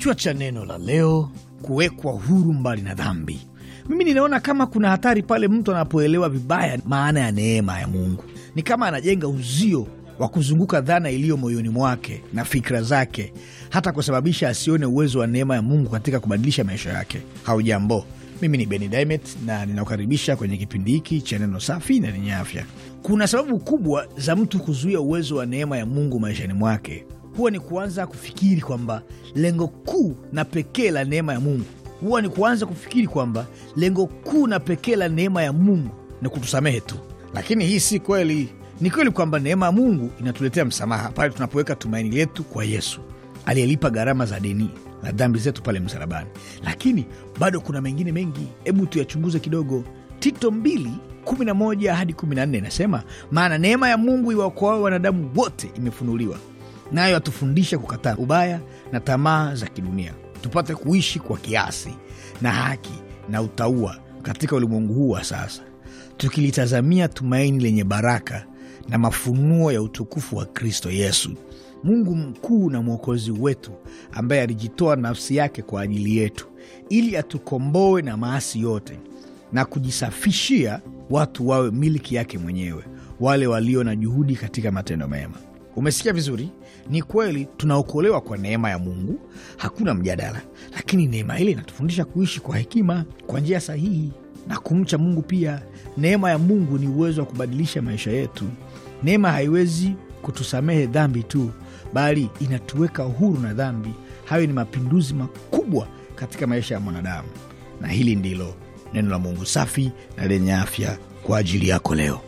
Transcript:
Kichwa cha neno la leo, kuwekwa huru mbali na dhambi. Mimi ninaona kama kuna hatari pale mtu anapoelewa vibaya maana ya neema ya Mungu. Ni kama anajenga uzio wa kuzunguka dhana iliyo moyoni mwake na fikra zake, hata kusababisha asione uwezo wa neema ya Mungu katika kubadilisha maisha yake. Haujambo, mimi ni Beni Dimet na ninakukaribisha kwenye kipindi hiki cha neno safi na lenye afya. Kuna sababu kubwa za mtu kuzuia uwezo wa neema ya Mungu maishani mwake huwa ni kuanza kufikiri kwamba lengo kuu na pekee la neema ya Mungu huwa ni kuanza kufikiri kwamba lengo kuu na pekee la neema ya Mungu ni kutusamehe tu, lakini hii si kweli. Ni kweli kwamba neema ya Mungu inatuletea msamaha pale tunapoweka tumaini letu kwa Yesu aliyelipa gharama za deni la dhambi zetu pale msalabani, lakini bado kuna mengine mengi. Hebu tuyachunguze kidogo. Tito mbili hadi 14 inasema, maana neema ya Mungu iwaokoayo wanadamu wote imefunuliwa nayo atufundishe kukataa ubaya na tamaa za kidunia, tupate kuishi kwa kiasi na haki na utaua katika ulimwengu huu wa sasa, tukilitazamia tumaini lenye baraka na mafunuo ya utukufu wa Kristo Yesu, Mungu mkuu na mwokozi wetu, ambaye alijitoa nafsi yake kwa ajili yetu ili atukomboe na maasi yote na kujisafishia watu wawe miliki yake mwenyewe, wale walio na juhudi katika matendo mema. Umesikia vizuri. Ni kweli tunaokolewa kwa neema ya Mungu, hakuna mjadala, lakini neema ile inatufundisha kuishi kwa hekima, kwa njia sahihi na kumcha Mungu. Pia neema ya Mungu ni uwezo wa kubadilisha maisha yetu. Neema haiwezi kutusamehe dhambi tu, bali inatuweka uhuru na dhambi. Hayo ni mapinduzi makubwa katika maisha ya mwanadamu, na hili ndilo neno la Mungu safi na lenye afya kwa ajili yako leo.